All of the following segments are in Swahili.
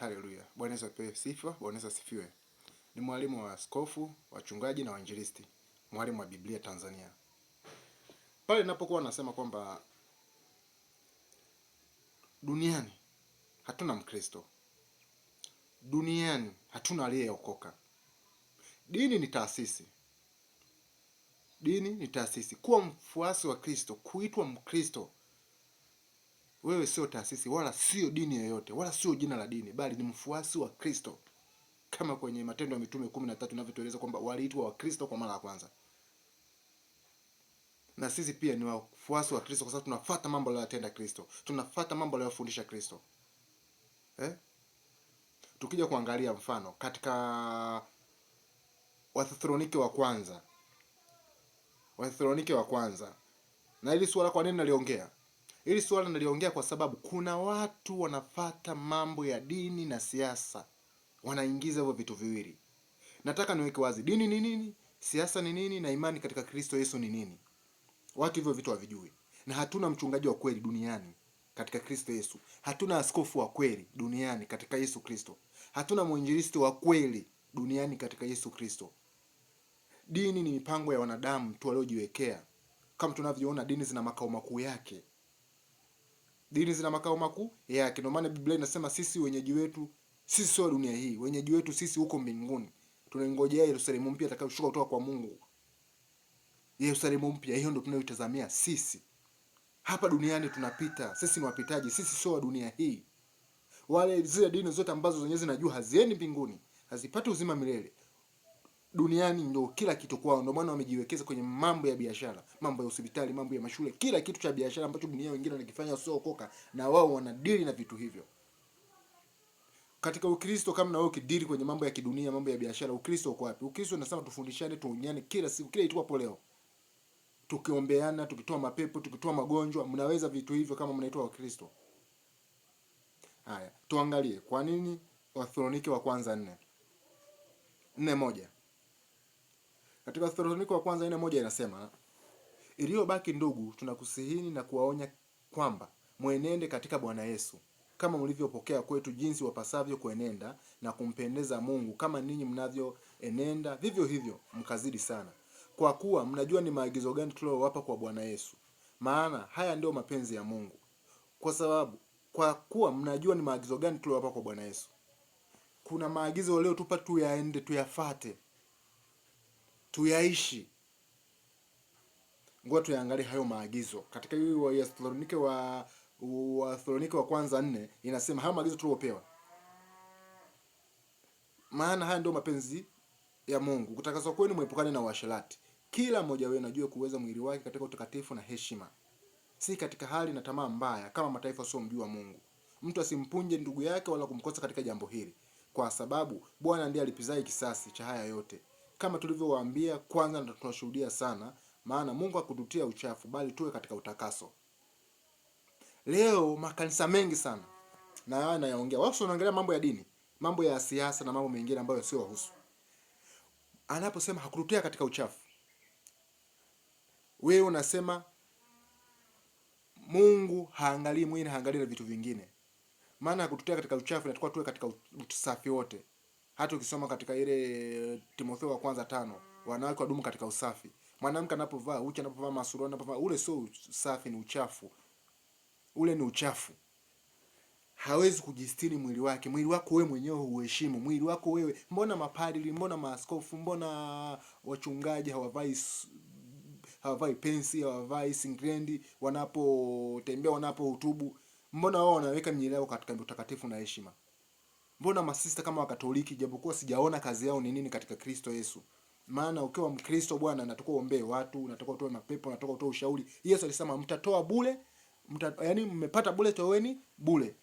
Haleluya. Bwana Yesu apewe sifa, Bwana Yesu asifiwe. Ni mwalimu wa askofu, wachungaji na wainjilisti, mwalimu wa Biblia Tanzania. Pale ninapokuwa nasema kwamba duniani hatuna Mkristo, duniani hatuna aliyeokoka. Dini ni taasisi, dini ni taasisi. Kuwa mfuasi wa Kristo, kuitwa Mkristo wewe sio taasisi wala sio dini yoyote wala sio jina la dini, bali ni mfuasi wa Kristo, kama kwenye Matendo ya Mitume kumi na tatu inavyotueleza kwamba waliitwa Wakristo kwa mara ya kwanza. Na sisi pia ni wafuasi wa Kristo kwa sababu tunafuata mambo aliyoyatenda Kristo, tunafuata mambo aliyofundisha Kristo eh? Tukija kuangalia mfano katika Wathesalonike wa kwanza, Wathesalonike wa kwanza, na ili suala kwa nini naliongea Hili suala naliongea kwa sababu kuna watu wanafata mambo ya dini na siasa, wanaingiza hivyo vitu viwili. Nataka niweke wazi, dini ni nini, siasa ni nini, na imani katika Kristo Yesu ni nini. Watu hivyo vitu havijui, na hatuna mchungaji wa kweli duniani katika Kristo Yesu. Hatuna askofu wa kweli duniani katika Yesu Kristo. Hatuna mwinjilisti wa kweli duniani katika Yesu Kristo. Dini ni mipango ya wanadamu tu waliojiwekea. Kama tunavyoona, dini zina makao makuu yake Dini zina makao makuu yake. Ndio maana Biblia inasema sisi wenyeji wetu sisi sio dunia hii, wenyeji wetu sisi huko mbinguni. Tunaingojea Yerusalemu mpya atakayoshuka kutoka kwa Mungu. Yerusalemu mpya hiyo ndio tunayoitazamia sisi. Hapa duniani tunapita, sisi ni wapitaji, sisi sio wa dunia hii. Wale zile dini zote ambazo zenyewe zinajua haziendi mbinguni, hazipati uzima milele, duniani ndio kila kitu kwao, ndio maana wamejiwekeza kwenye mambo ya biashara, mambo ya hospitali, mambo ya mashule, kila kitu cha biashara ambacho dunia wengine wanakifanya usiokoka, na wao wanadili na vitu hivyo katika Ukristo. Kama na wewe ukidili kwenye mambo ya kidunia, mambo ya biashara, Ukristo uko wapi? Ukristo unasema tufundishane, tuonyeane kila siku, kila hapo leo, tukiombeana, tukitoa mapepo, tukitoa magonjwa. Mnaweza vitu hivyo kama mnaitwa Wakristo. Haya, tuangalie kwa nini Wathesalonike wa kwanza nne nne moja katika Wathesalonike wa kwanza nne moja inasema iliyobaki ndugu, tunakusihini na kuwaonya kwamba mwenende katika Bwana Yesu kama mlivyopokea kwetu, jinsi wapasavyo kuenenda na kumpendeza Mungu, kama ninyi mnavyoenenda vivyo hivyo mkazidi sana, kwa kuwa mnajua ni maagizo gani tuliyowapa kwa Bwana Yesu. Maana haya ndiyo mapenzi ya Mungu, kwa sababu kwa kuwa mnajua ni maagizo gani tuliyowapa kwa Bwana Yesu. Kuna maagizo waliotupa tuyaende, tuyafate tuyaishi. Ngoja tuyaangalie hayo maagizo katika hii wa Thessalonike wa Thessalonike wa kwanza nne, inasema hayo maagizo tuliopewa, maana haya ndio mapenzi ya Mungu, kutakaswa kwenu, mwepukane na uasherati. Kila mmoja wenu ajue kuweza mwili wake katika utakatifu na heshima, si katika hali na tamaa mbaya, kama mataifa mjua Mungu. Mtu asimpunje ndugu yake wala kumkosa katika jambo hili, kwa sababu Bwana ndiye alipizaye kisasi cha haya yote kama tulivyowaambia kwanza, na tunashuhudia sana, maana Mungu hakututia uchafu, bali tuwe katika utakaso. Leo makanisa mengi sana na haya nayaongea, watu wanaangalia mambo ya dini, mambo ya siasa na mambo mengine ambayo sio wahusu. Anaposema hakututia katika uchafu, wewe unasema Mungu haangalii mwili, haangalii na vitu vingine, maana hakututia katika uchafu, na tuwe katika usafi wote hata ukisoma katika ile Timotheo wa kwanza tano, wanawake wadumu katika usafi. Mwanamke anapovaa uchi, anapovaa masuruali, anapovaa ule, sio usafi, ni uchafu. Ule ni uchafu, hawezi kujistiri mwili wake. Mwili wako wewe mwenyewe huheshimu mwili wako wewe. Mbona mapadri, mbona maaskofu, mbona wachungaji hawavai hawavai pensi, hawavai singrendi wanapotembea, wanapohutubu? Mbona wao wanaweka miili yao katika utakatifu na heshima? mbona masista kama Wakatoliki, japokuwa sijaona kazi yao ni nini katika Kristo Yesu. Maana ukiwa Mkristo bwana, natakuwa uombee watu, natakuwa utoe mapepo, natakuwa utoe ushauri. Yesu alisema mtatoa bure, mta, yani mmepata bure, toweni bure.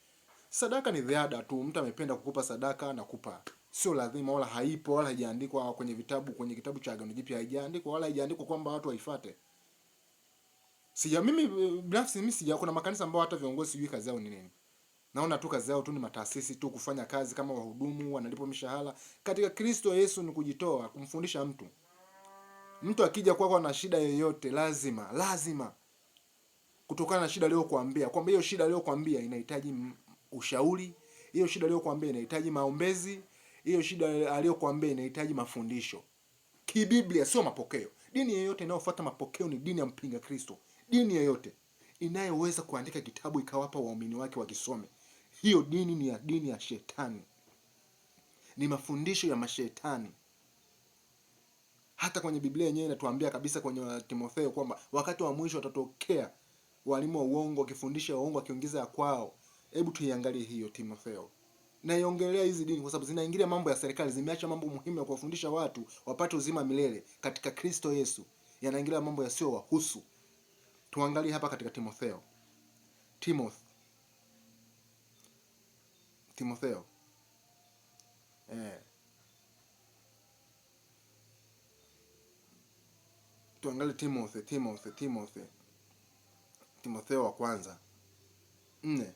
Sadaka ni ziada tu, mtu amependa kukupa sadaka na kupa, sio lazima, wala haipo wala haijaandikwa kwenye vitabu, kwenye kitabu cha Agano Jipya haijaandikwa wala haijaandikwa kwamba watu waifate. Sija mimi eh, binafsi mimi sija, kuna makanisa ambayo hata viongozi sijui kazi yao ni nini. Naona tu kazi yao tu ni mataasisi tu kufanya kazi kama wahudumu, wanalipwa mishahara. Katika Kristo Yesu ni kujitoa, kumfundisha mtu. Mtu akija kwako kwa na shida yoyote, lazima lazima kutokana na shida aliyokuambia, kwamba hiyo shida aliyokuambia inahitaji ushauri, hiyo shida aliyokuambia inahitaji maombezi, hiyo shida aliyokuambia inahitaji mafundisho kibiblia, sio mapokeo. Dini yoyote inayofuata mapokeo ni dini ya mpinga Kristo. Dini yoyote inayoweza kuandika kitabu ikawapa waumini wake wakisome hiyo dini ni ya dini ya shetani, ni mafundisho ya mashetani. Hata kwenye Biblia yenyewe inatuambia kabisa kwenye Timotheo kwamba wakati wa mwisho watatokea walimu wa uongo wakifundisha uongo, wakiongeza ya kwao. Hebu tuiangalie hiyo Timotheo. Naiongelea hizi dini kwa sababu zinaingilia mambo ya serikali, zimeacha mambo muhimu ya kuwafundisha watu wapate uzima milele katika Kristo Yesu, yanaingilia mambo yasiyo wahusu. Tuangalie hapa katika Timotheo Timoth Timotheo. Eh. Tuangalie Timothy, Timothy, Timothy. Timotheo wa kwanza nne.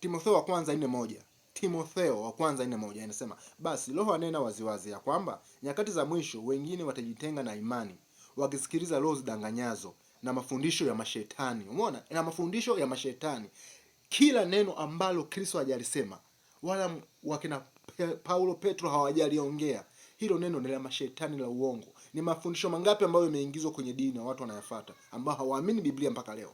Timotheo wa kwanza nne moja. Timotheo wa kwanza nne moja inasema, basi Roho anena waziwazi ya kwamba nyakati za mwisho wengine watajitenga na imani, wakisikiliza roho zidanganyazo na mafundisho ya mashetani. Umeona, na mafundisho ya mashetani kila neno ambalo Kristo hajalisema wala wakina Paulo Petro hawajaliongea, hilo neno ni la mashetani la uongo. Ni mafundisho mangapi ambayo yameingizwa kwenye dini na watu wanayafata ambao hawaamini Biblia mpaka leo.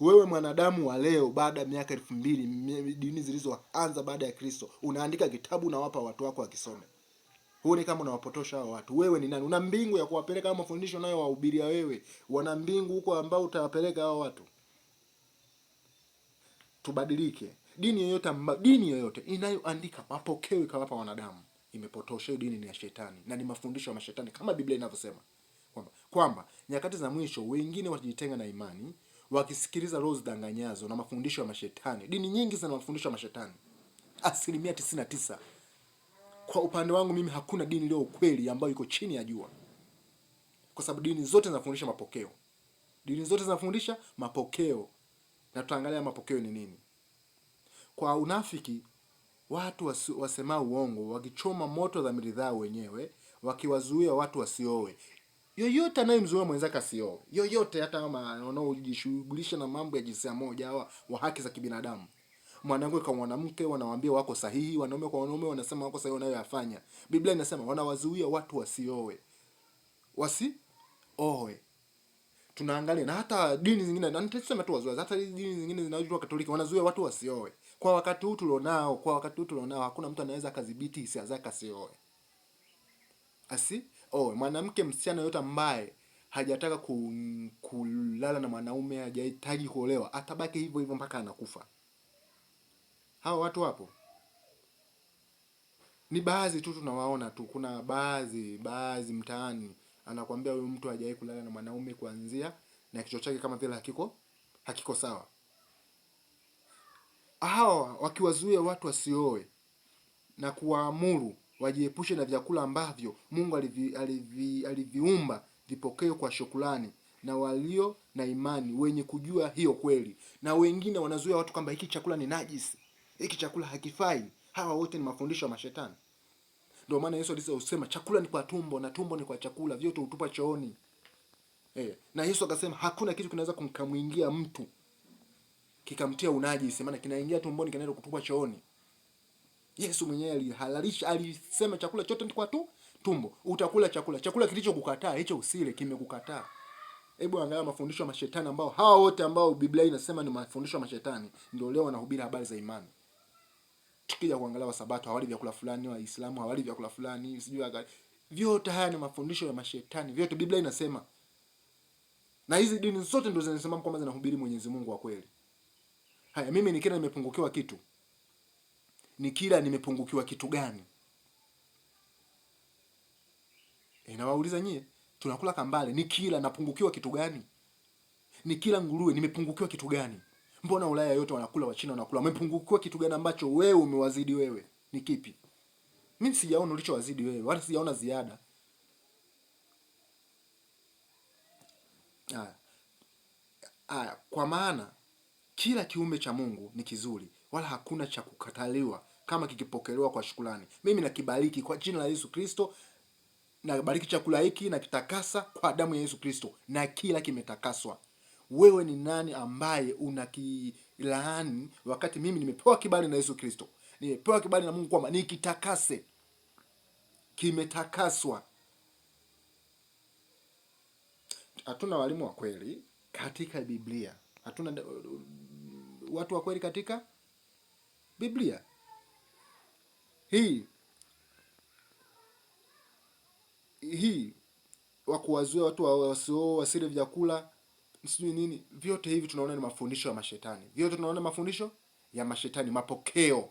Wewe mwanadamu wa leo, baada ya miaka elfu mbili dini zilizoanza baada ya Kristo, unaandika kitabu unawapa watu wako wakisome. Huu ni kama unawapotosha hao watu? Wewe ni nani? Una mbingu ya kuwapeleka hao mafundisho nayo wahubiria wewe? Wana mbingu huko ambao utawapeleka hao watu? tubadilike. Dini yoyote dini yoyote inayoandika mapokeo ikawapa wanadamu imepotosha. Hiyo dini ni ya shetani na ni mafundisho ya mashetani, kama Biblia inavyosema kwamba kwamba nyakati za mwisho wengine watajitenga na imani wakisikiliza roho zidanganyazo na mafundisho ya mashetani. Dini nyingi zina mafundisho ya mashetani asilimia tisini na tisa. Kwa upande wangu mimi, hakuna dini iliyo ukweli ambayo iko chini ya jua, kwa sababu dini zote zinafundisha mapokeo, dini zote zinafundisha mapokeo na tutaangalia mapokeo ni nini. Kwa unafiki, watu wasema uongo wakichoma moto dhamiri zao wenyewe, wakiwazuia watu wasioe. Yoyote anayemzuia mwenzake asioe, yoyote, hata kama wanaojishughulisha na mambo ya jinsia moja, hawa wa haki za kibinadamu, mwanangu kwa mwanamke wanawaambia wako sahihi, wanaume kwa wanaume wanasema wako sahihi wanayoyafanya. Biblia inasema wanawazuia watu wasioe, oe tunaangalia na hata dini zingine, na nitasema tu wazazi, hata dini zingine zinazoitwa Katoliki wanazuia watu wasioe kwa wakati huu tulionao. Kwa wakati huu tulionao, hakuna mtu anaweza akadhibiti hisia zake asioe, asi ah, oe. Oh, mwanamke, msichana yote ambaye hajataka kulala na mwanaume, hajahitaji kuolewa, atabaki hivyo hivyo mpaka anakufa. Hao watu wapo, ni baadhi tu tunawaona tu, kuna baadhi baadhi mtaani anakwambia huyu mtu hajawahi kulala na mwanaume kuanzia na kichwa chake kama vile hakiko hakiko sawa. Hawa wakiwazuia watu wasioe na kuwaamuru wajiepushe na vyakula ambavyo Mungu alivi, alivi, aliviumba vipokeo kwa shukrani na walio na imani wenye kujua hiyo kweli. Na wengine wanazuia watu kwamba hiki chakula ni najisi, hiki chakula hakifai. Hawa wote ni mafundisho ya mashetani. Ndio maana Yesu alisema chakula ni kwa tumbo na tumbo ni kwa chakula, vyote utupa chooni. Eh, na Yesu akasema hakuna kitu kinaweza kumkamuingia mtu kikamtia unajisi, maana kinaingia tumboni kinaenda kutupa chooni. Yesu mwenyewe alihalalisha, alisema chakula chote ni kwa tu tumbo. Utakula chakula, chakula kilichokukataa hicho usile, kimekukataa. Hebu angalia mafundisho ya mashetani ambao hawa wote ambao Biblia inasema ni mafundisho ya mashetani, ndio leo wanahubiri habari za imani tukija kuangalia Wasabato hawali vyakula fulani, Waislamu hawali vyakula fulani, sijui aga. Vyote haya ni mafundisho ya mashetani, vyote Biblia inasema, na hizi dini zote ndio zinasema kwamba zinahubiri Mwenyezi Mungu wa kweli. Haya, mimi nikila nimepungukiwa kitu, nikila nimepungukiwa kitu gani? E, nawauliza nyie, tunakula kambale, nikila napungukiwa kitu gani? Nikila nguruwe nimepungukiwa kitu gani? Mbona Ulaya yote wanakula, Wachina wanakula? Wamepungukiwa kitu gani ambacho wewe umewazidi? Wewe ni kipi? Mimi sijaona ulichowazidi wewe, wala sijaona ziada. Aya. Aya, kwa maana kila kiumbe cha Mungu ni kizuri, wala hakuna cha kukataliwa kama kikipokelewa kwa shukrani. Mimi nakibariki kwa jina la Yesu Kristo, nabariki chakula hiki, nakitakasa kwa damu ya Yesu Kristo, na kila kimetakaswa wewe ni nani ambaye unakilaani, wakati mimi nimepewa kibali na Yesu Kristo, nimepewa kibali na Mungu kwamba nikitakase, kimetakaswa. Hatuna walimu wa kweli katika Biblia, hatuna watu wa kweli katika Biblia hii hii, wa kuwazuia watu wasio wasile vyakula sijui nini. Vyote hivi tunaona ni mafundisho ya mashetani, vyote tunaona mafundisho ya mashetani, mapokeo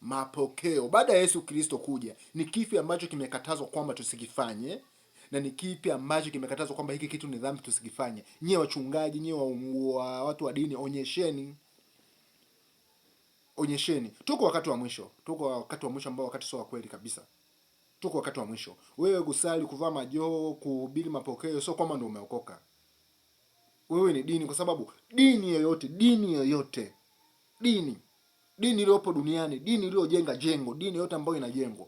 mapokeo. Baada ya Yesu Kristo kuja, ni kipi ambacho kimekatazwa kwamba tusikifanye na ni kipi ambacho kimekatazwa kwamba hiki kitu ni dhambi tusikifanye? Nyie wachungaji, nyie wa watu wa dini, onyesheni onyesheni. Tuko wakati wa mwisho, tuko wakati wa mwisho ambao wakati sio wa kweli kabisa. Tuko wakati wa mwisho. Wewe gusali, kuvaa majoho, kuhubiri mapokeo, sio kwamba ndio umeokoka wewe ni dini, kwa sababu dini yoyote, dini yoyote, dini dini iliyopo duniani, dini iliyojenga jengo, dini yoyote ambayo inajengwa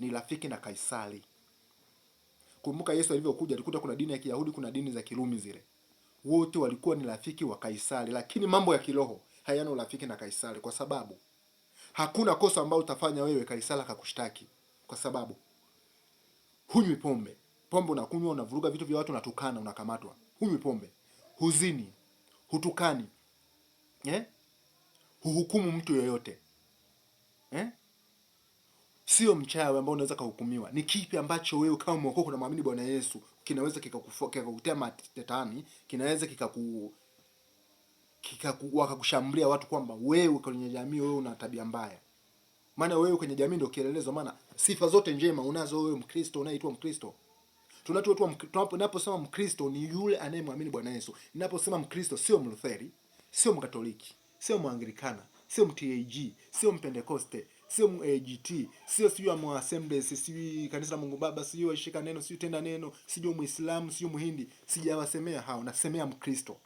ni rafiki na Kaisari. Kumbuka Yesu alivyokuja alikuta kuna dini ya Kiyahudi, kuna dini za Kirumi, zile wote walikuwa ni rafiki wa Kaisari, lakini mambo ya kiroho hayana urafiki na Kaisari, kwa sababu hakuna kosa ambalo utafanya wewe Kaisari akakushtaki, kwa sababu hunywi pombe. Pombe unakunywa, unavuruga vitu vya watu, unatukana, unakamatwa. Hunywi pombe huzini, hutukani eh? huhukumu mtu yoyote eh? Sio mchawi ambao unaweza kahukumiwa. Ni kipi ambacho wewe kama na mwamini Bwana Yesu kinaweza kikakutia matetani, kinaweza kikaku kikaku wakakushambulia watu kwamba wewe kwenye jamii wewe una tabia mbaya, maana wewe kwenye jamii ndio kielelezo, maana sifa zote njema unazo wewe, Mkristo unaitwa Mkristo Tunaposema Mkristo ni yule anayemwamini Bwana Yesu. Ninaposema Mkristo sio Mlutheri, sio Mkatoliki, sio Mwanglikana, sio Mtag, sio Mpentekoste, sio MGT, sio sijui wa Assemblies, sijui kanisa la Mungu Baba, sio washika neno, sio tenda neno, sio Muislamu, sio Muhindi. Sijawasemea hao, nasemea Mkristo.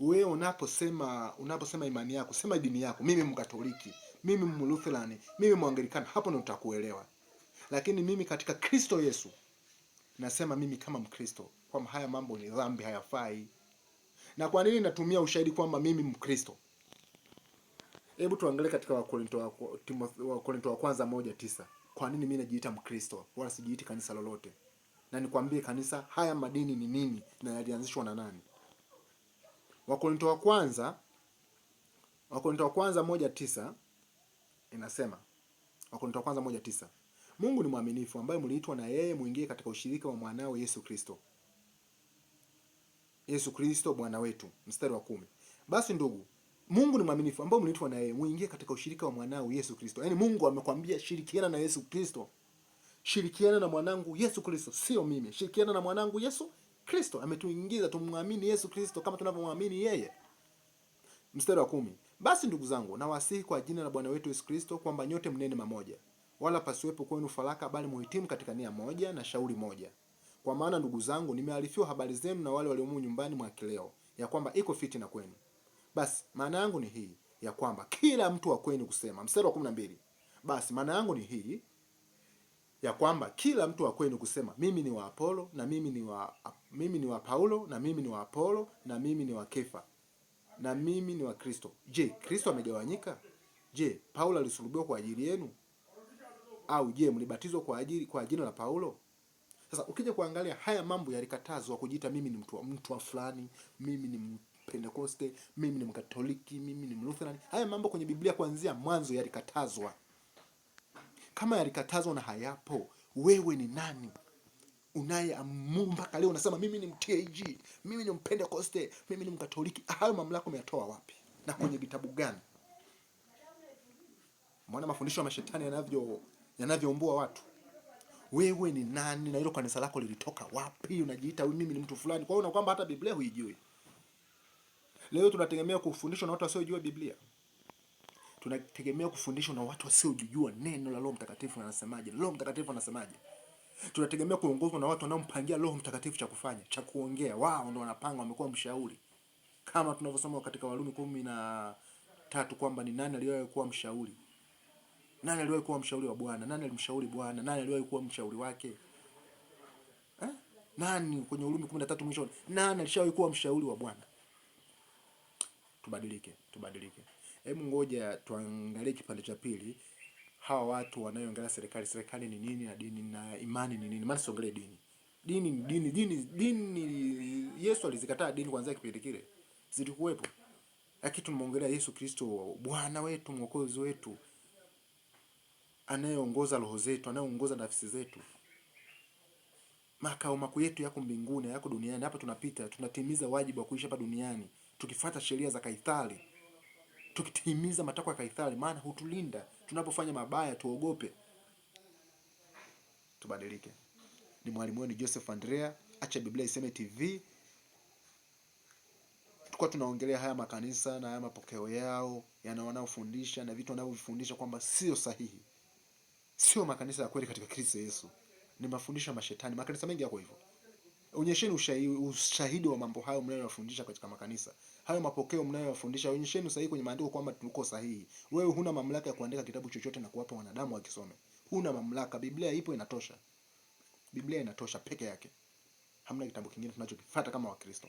Wewe unaposema unaposema imani yako, sema dini yako. Mimi Mkatoliki, mimi Mlutherani, mimi Mwanglikana, hapo ndo utakuelewa. Lakini mimi katika Kristo Yesu nasema mimi kama Mkristo kwamba haya mambo ni dhambi, hayafai. Na kwa nini natumia ushahidi kwamba mimi Mkristo? Hebu tuangalie katika Wakorinto wa, Wakorinto wa kwanza moja tisa. Kwa nini mimi najiita Mkristo wala sijiiti kanisa lolote? Na nikwambie kanisa, haya madini ni nini na yalianzishwa na nani? Wakorinto wa kwanza Wakorinto wa kwanza moja tisa inasema Wakorinto wa kwanza moja tisa Mungu ni mwaminifu ambaye mliitwa na yeye muingie katika ushirika wa mwanao Yesu Kristo. Yesu Kristo Bwana wetu, mstari wa kumi. Basi ndugu, Mungu ni mwaminifu ambaye mliitwa na yeye muingie katika ushirika wa mwanao Yesu Kristo. Yaani Mungu amekwambia shirikiana na Yesu Kristo. Shirikiana na mwanangu Yesu Kristo, sio mimi. Shirikiana na mwanangu Yesu Kristo. Ametuingiza tumwamini Yesu Kristo kama tunavyomwamini yeye. Mstari wa kumi. Basi ndugu zangu, nawasihi kwa jina la Bwana wetu Yesu Kristo kwamba nyote mnene mamoja wala pasiwepo kwenu faraka, bali muhitimu katika nia moja na shauri moja. Kwa maana ndugu zangu, nimearifiwa habari zenu na wale waliomu nyumbani mwa kileo, ya kwamba iko fitina kwenu. Basi maana yangu ni hii ya kwamba kila mtu wa kwenu kusema. Mstari wa 12, basi maana yangu ni hii ya kwamba kila mtu wa kwenu kusema, mimi ni wa Apolo na mimi ni wa mimi ni wa Paulo na mimi ni wa Apolo na mimi ni wa Kefa na mimi ni wa Kristo. Je, Kristo amegawanyika? Je, Paulo alisulubiwa kwa ajili yenu? au je, mlibatizwa kwa ajili kwa jina la Paulo? Sasa ukija kuangalia haya mambo yalikatazwa, kujiita mimi ni mtu wa mtu wa fulani, mimi ni Pentekoste, mimi ni Mkatoliki, mimi ni Mlutherani. Haya mambo kwenye Biblia kuanzia mwanzo yalikatazwa. Kama yalikatazwa na hayapo, wewe ni nani unayeamu mpaka leo unasema mimi ni mtag, mimi ni Mpentekoste, mimi ni Mkatoliki? Hayo mamlaka umeyatoa wapi na kwenye vitabu gani? Mwana mafundisho ya mashetani yanavyo yanavyoumbua watu. Wewe ni nani na hilo kanisa lako lilitoka wapi? Unajiita mimi ni mtu fulani, kwa hiyo unakwamba hata Biblia huijui. Leo tunategemea kufundishwa na watu wasiojua Biblia, tunategemea kufundishwa na watu wasiojua neno la Roho Mtakatifu anasemaje, Roho Mtakatifu anasemaje. Tunategemea kuongozwa na watu wanaompangia Roho Mtakatifu cha kufanya, cha kuongea. Wao ndio wanapanga, wamekuwa mshauri, kama tunavyosoma katika Warumi kumi na tatu kwamba ni nani aliyewahi mshauri nani aliwahi kuwa mshauri wa Bwana? Nani alimshauri Bwana? Nani aliwahi kuwa mshauri wake? Eh? Nani kwenye Urumi 13 mwishoni? Nani alishawahi kuwa mshauri wa Bwana? Tubadilike, tubadilike. Hebu ngoja tuangalie kipande cha pili. Hawa watu wanayoongelea serikali, serikali ni nini na dini na imani ni nini? Maana siongelee dini. Dini ni dini, dini dini. Yesu alizikataa dini kuanzia kipindi kile. Zilikuwepo. Lakini tumeongelea Yesu Kristo Bwana wetu, mwokozi wetu anayeongoza roho zetu, anayeongoza nafsi zetu. Makao makuu yetu yako mbinguni, yako duniani. Hapa tunapita, tunatimiza wajibu wa kuishi hapa duniani, tukifuata sheria za Kaithari, tukitimiza matakwa ya Kaithari, maana hutulinda tunapofanya mabaya. Tuogope, tubadilike. Ni mwalimu wenu Joseph Andrea, Acha Biblia Iseme TV. Tulikuwa tunaongelea haya makanisa na haya mapokeo yao yana wanaofundisha na vitu wanavyovifundisha kwamba sio sahihi sio makanisa ya kweli katika Kristo Yesu, ni mafundisho ya mashetani. Makanisa mengi yako hivyo. Onyesheni ushahidi wa mambo hayo mnayoyafundisha katika makanisa hayo, mapokeo mnayoyafundisha, onyesheni sahihi kwenye maandiko kwamba tuko sahihi. Wewe huna mamlaka ya kuandika kitabu chochote na kuwapa wanadamu wakisome, huna mamlaka. Biblia ipo, inatosha. Biblia inatosha peke yake, hamna kitabu kingine tunachokifuata kama Wakristo.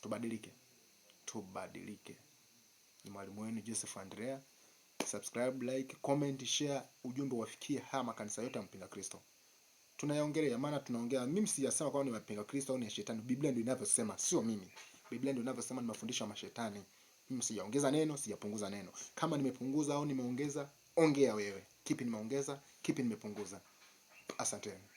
Tubadilike, tubadilike. Ni mwalimu wenu Joseph Andrea subscribe, like, comment, share, ujumbe wafikie haya makanisa yote ya mpinga Kristo. Tunayaongelea maana tunaongea, mimi sijasema kwamba ni mpinga Kristo au ni shetani. Biblia ndio inavyosema, sio mimi. Biblia ndio inavyosema ni mafundisho ya mashetani. Mimi sijaongeza neno, sijapunguza neno. Kama nimepunguza au nimeongeza, ongea wewe. Kipi nimeongeza, kipi nimepunguza? Asanteni.